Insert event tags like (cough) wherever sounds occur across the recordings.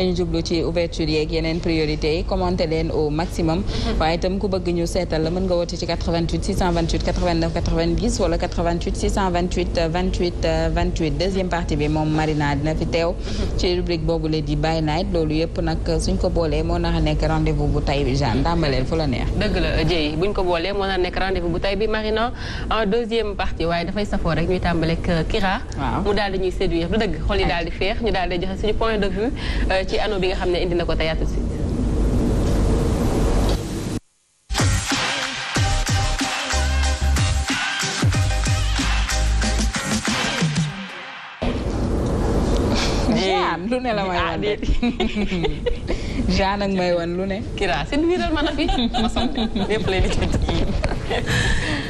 dañu jublu ci ouverture yeeg yeneen priorité yi commenté leen au maximum mhm. waaye itam ku bëgg ñu seetal la mën nga woote ci wala 88 deuxième partie bi moom Marina dina fi teew mhm. ci rubrique boobu la di By loolu yëpp nag suñ ko boolee moo nar nekk rendez bu tay bi Jeanne ndàmbaleel fu la neex dëgg la Dieye buñ ko boolee moo nar nekk rendez bu tay bi Marina en deuxième partie waaye dafay safoo rek ñuy tàmbaleeg euh, Kira mu daal di ñuy séduire ci anneau bi nga xam ne indi na ko tey si. Jeanne lu ne la may ah, wan (laughs) Jeanne may wan lu ne. Kira si biiral ma na fi ma (laughs) sant lépp lay liggéey.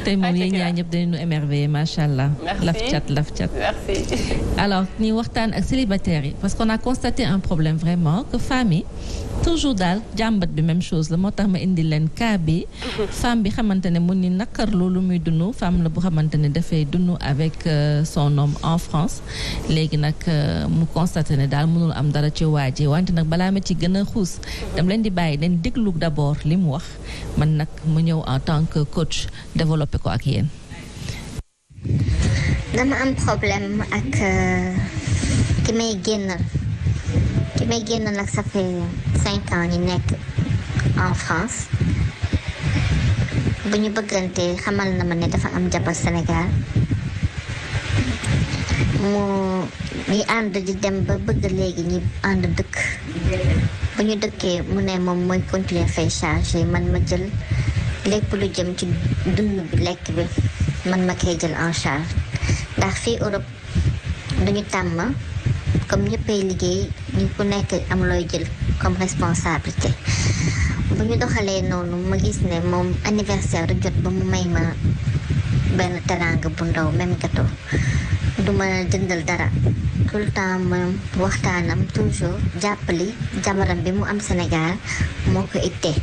tey moom yéen ñaa ñëpp dañu émerveillé macha allah. laf cat laf cat. merci. alors ñuy waxtaan ak célibataires yi parce qu'on a constaté un problème vraiment que famille toujours daal jàmbat bi même chose la moo tax ma indi leen cas bi (laughs) bi xamante ne mu ni nakar loolu muy dundu femme la bu xamante ne dafay dund avec euh, son homme en France léegi nag euh, mu constaté ne daal mënul am dara ci waa ji wante nag balaa ma ci gën a xuus dam leen di bàyyi leen déglu d'abord li mu wax man nag mu ñëw en tant que coach développé ko ak yéen dama am problème ak euh, ki may génnal bi génn nag ça fait cinq ans ñu nekk en France bu ñu bëggante xamal na ma dafa am jabar Sénégal mu ñi ànd di dem ba bëgg léegi ñi ànd dëkk bu ñu dëkkee mu ne moom mooy continuer fay chargé man ma jël lépp lu jëm ci dund bi lekk bi man ma koy jël en charge ndax fii Europe duñu tàmm comme ñëppay liggéey ñu ku nekk am looy jël comme responsabilité bu ñu doxalee noonu ma gis ne moom anniversaire rek jot ba mu may ma benn teraanga bu ndaw même gâteau du ma jëndal dara tout le temps moom waxtaanam toujours jàppali jabaram bi mu am Sénégal moo ko ittee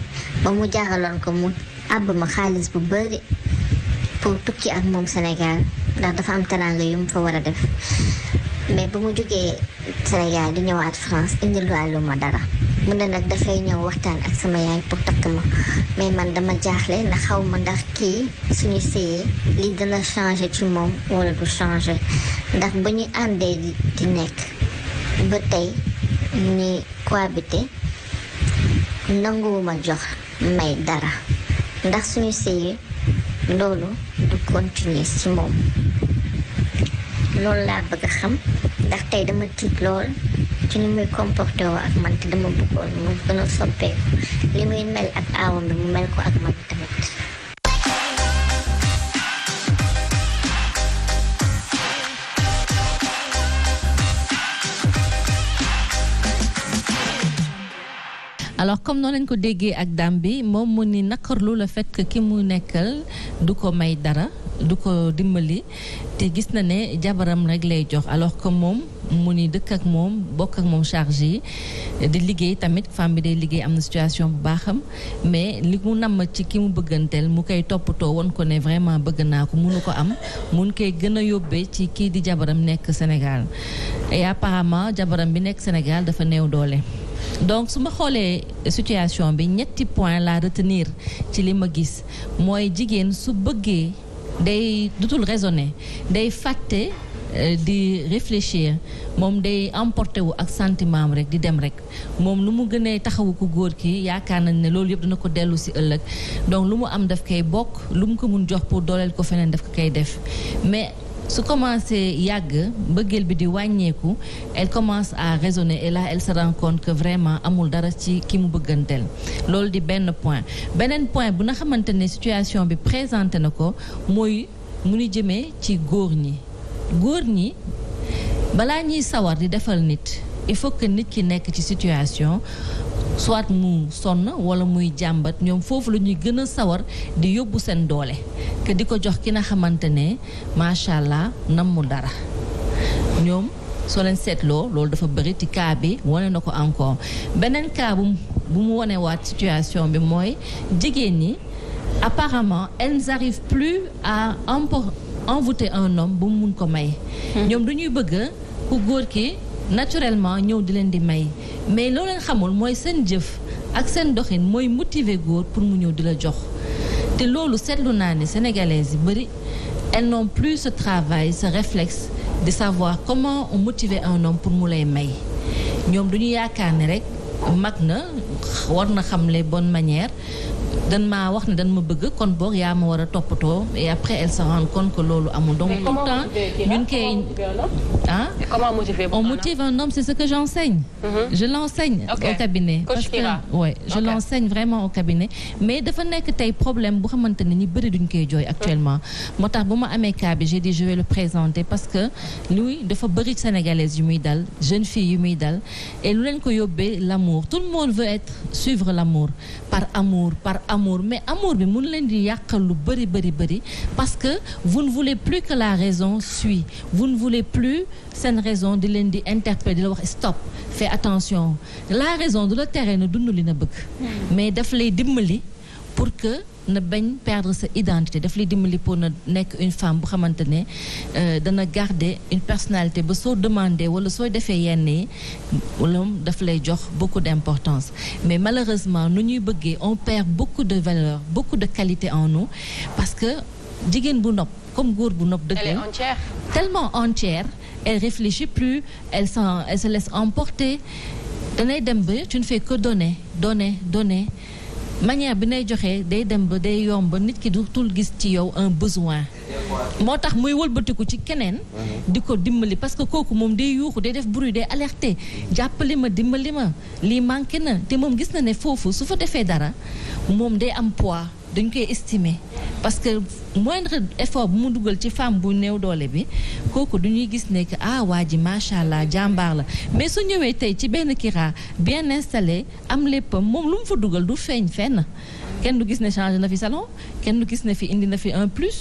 ba mu jaaxaloon ko mu àbb ma xaalis bu bari pour tukki ak moom senegal ndax dafa am teraanga yu mu fa war a def mais ba mu jógee Sénégal di ñëwaat France indiluwaale ma dara mu ne nag dafay ñëw waxtaan ak sama yaay pour takk ma mais man dama jaaxle na xaw ma ndax kii suñu séyee lii dana changé ci moom wala du changé ndax ba ñu àndee di nekk ba tey ñu cohabité nanguwuma jox may dara ndax suñu séyee loolu du continuer ci moom loolu laa bëgg a xam ndax tey dama tiit lool ci ni muy comporté woo ak man te dama bëggoon mu gën a soppeeku li may mel ak aawam bi mu mel ko ak man alors comme noonu lañ ko déggee ak dame bi moom mu ni nakarlu le fait que ki mu nekkal du ko may dara du ko dimbali te gis na ne jabaram rek lay jox alors comme moom mu ni dëkk ak moom bokk ak moom charge yi di liggéey tamit femme bi day liggéey am na situation bu baaxam mais li mu namm ci ki mu bëgganteel mu koy toppatoo woon ko ne vraiment bëgg naa ko munu ko am mun koy gën a yóbbee ci kii di jabaram nekk Sénégal et apparemment jabaram bi nekk Sénégal dafa néew doole donc su ma xoolee situation bi ñetti point la retenir ci li ma gis mooy jigéen su bëggee day dutul raisonner day fàtte euh, di réfléchir moom day emporté wu ak sentiment am rek di dem rek moom lu mu gën gënee taxawu ko góor ki yaakaar nañ ne loolu yëpp dina ko dellu si ëllëg donc lu mu am daf koy bokk lu mu ko mun jox pour dooleel ko feneen daf ko koy def mais su commencé yàgg mbëggeel bi di wàññeeku elle commence à raisonner et là elle se rend que vraiment amul dara ci ki mu bëgganteel loolu di benn point beneen point bu na xamante ne situation bi présenté na ko mooy mu ni jëmee ci góor ñi góor ñi balaa ñuy sawar di defal nit il faut que nit ki nekk ci situation soit mu sonn wala muy jàmbat ñoom foofu la ñuy gën a sawar di yóbbu seen doole que di ko jox ki nga xamante ne macha allah nam mu dara ñoom soo leen seetloo loolu dafa bëri ci cas bi wane na ko encore beneen cas bu mu wane waat situation bi mooy jigéen ñi apparemment elles n'arrivent plus à envoûter un homme bu mu mun ko may hmm. ñoom du ñuy bëgg ku góor ki naturellement ñëw di leen di may mais loo xamul mooy seen jëf ak seen doxin mooy motiver góor pour mu ñëw di la jox te loolu seetlu naa ne sénégalaises yi bëri elles n'ont plus ce travail sa réflexe de savoir comment motiver un homme pour mu lay may ñoom du ñu yaakaar ni rek mag na war na xam les bonnes manière dan maa wax ne dan ma bëgg kon boog yaa ma war a toppatoo et après elle se rend compte que loolu amul donc tout temps ñun koy ah on motive un homme c'est ce que j'enseigne mm -hmm. je l'enseigne okay. au cabinet parce que je l'enseigne vraiment au cabinet mais dafa nekk tey problème bu xamante ne ñu bëri duñ koy jooy actuellement moo tax bu ma amee cas bi j'ai dit je vais le présenter parce que lui dafa bëri sénégalaise yu muy dal jeune fille yu muy dal et lu leen ko yóbbee l'amour tout le monde veut être amour mais amour bi mun leen di yàqal lu bëri bëri bëri parce que vous ne voulez plus que la raison suit vous ne voulez plus seen raison di leen di interpeller di la wax stop fais attention la raison du la tere na dund li na bëgg hmm. mais daf lay dimbali pour que na bañ perdre sa identité daf lay dimbali pour na nekk une femme bu xamante ne euh, dana garde une personnalité ba soo demandé wala soo defee yenn yi wala daf lay jox beaucoup d'importance mais malheureusement nu ñuy bëggee on perd beaucoup de valeur beaucoup de qualité en nous parce que jigéen bu nopp comme góor bu nopp dëgg tellement entière elle réfléchit plus elle s'en elle se laisse emporter danay dem ba tu ne fais que donner donner donner manière bi nay joxee day dem ba day yomb ba nit ki du dootul gis ci yow un besoin moo tax muy wëlbatiku ci keneen di ko dimbali parce que kooku moom day yuuxu day def bruit day alerté jàppali ma dimbali ma lii manqué na te moom gis na ne foofu su fa defee dara moom day am poids dañ koy estime parce que moindre effort bu mu dugal ci femme bu néew doole bi kooku du ñuy gis ne que ah waa ji macha allah jàmbaar la mais su ñëwee tey ci benn Kira bien installé am léppam moom lu mu fa dugal du feeñ fenn kenn du gis ne changé na fi salon kenn du gis ne fi indi na fi un plus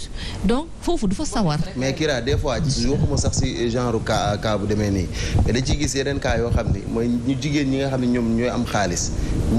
donc foofu du fa sawar. mais Kira des fois ci waxuma sax si genre cas cas bu demee nii mais da ciy gis yeneen kaa yoo xam ni mooy ñu jigéen ñi nga xam ne ñoom ñooy am xaalis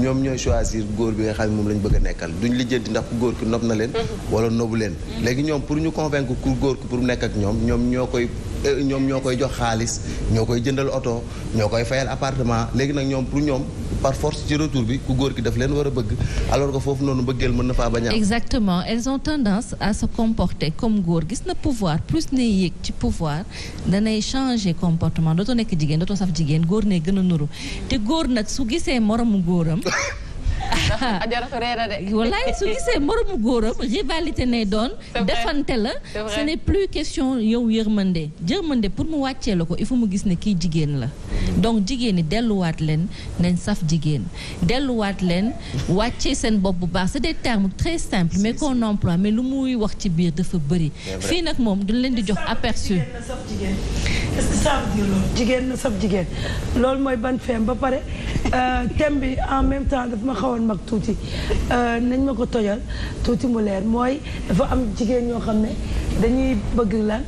ñoom ñooy choisir góor bi nga xam ne moom lañ bëgg a nekkal duñ lijjanti ndax góor ki na leen. wala noogu leen léegi ñoom pour ñu convaincre ku góor ki pour mu nekk ak ñoom ñoom ñoo koy euh, ñoom ñoo koy jox xaalis ñoo koy jëndal oto ñoo koy fayal appartement léegi nag ñoom pour ñoom par force ci retour bi ku góor ki daf leen war a bëgg alors que foofu noonu bëggeel mën na faa bañ exactement elles ont tendance à se comporter comme góor gis na pouvoir plus ne yéeg ci pouvoir danay changer comportement dootoo nekk jigéen dootoo saf jigéen góor ne gën a nuru te góor nag su gisee moromu góoram (laughs) (laughs) a de. wallaay su gisee moromu góoram rivalité nay doon. defante la ce n'est plus question yow yërmande jërmande pour mu wàccee la ko il faut mu gis ne kii jigéen la. donc jigéen ñi delluwaat leen nañ saf jigéen delluwaat leen wàccee seen bopp bu baax c'est des termes très simples mais qu'on emploie mais lu muy wax ci biir dafa bëri. fii nag moom duñ leen di jox aperçu. est-ce jigéen na sab jigéen loolu mooy ban feem ba pare euh, thème bi en même temps daf ma xawoon mag tuuti euh, nañ ma ko tojal tuuti mu leer mooy dafa am jigéen ñoo xam ne dañuy bëgg lan.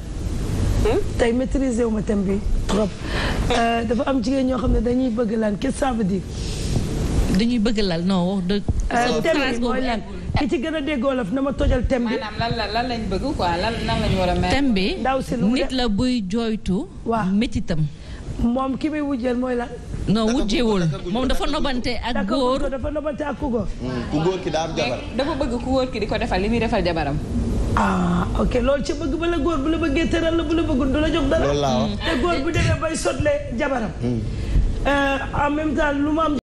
Hmm? tey maîtriser wu ma thème bi trop. Euh, dafa am jigéen ñoo xam ne dañuy bëgg lan qu'est-ce que ça bëgg lal non wax mooy lan. ki ci gën a dégg wolof na ma tojal thème bi. maanaam lan la lan lañ bëgg quoi lan lan lañ war a mel. thème bi nit la buy jooytu. waaw métitam. moom ki muy wujjeel mooy lan. non wujjewul moom dafa nobante ak góor dafa nobante ak ku góor. Hmm, ku góor ki daa am jabar. dafa bëgg ku góor ki di ko defal li muy defal jabaram. ah ok loolu ci bëgg ba la góor bu la bëggee tëral la bu la bëggul du la jóg dara. te góor bu demee bay sotle jabaram. Hmm. Euh, en même lu ma am.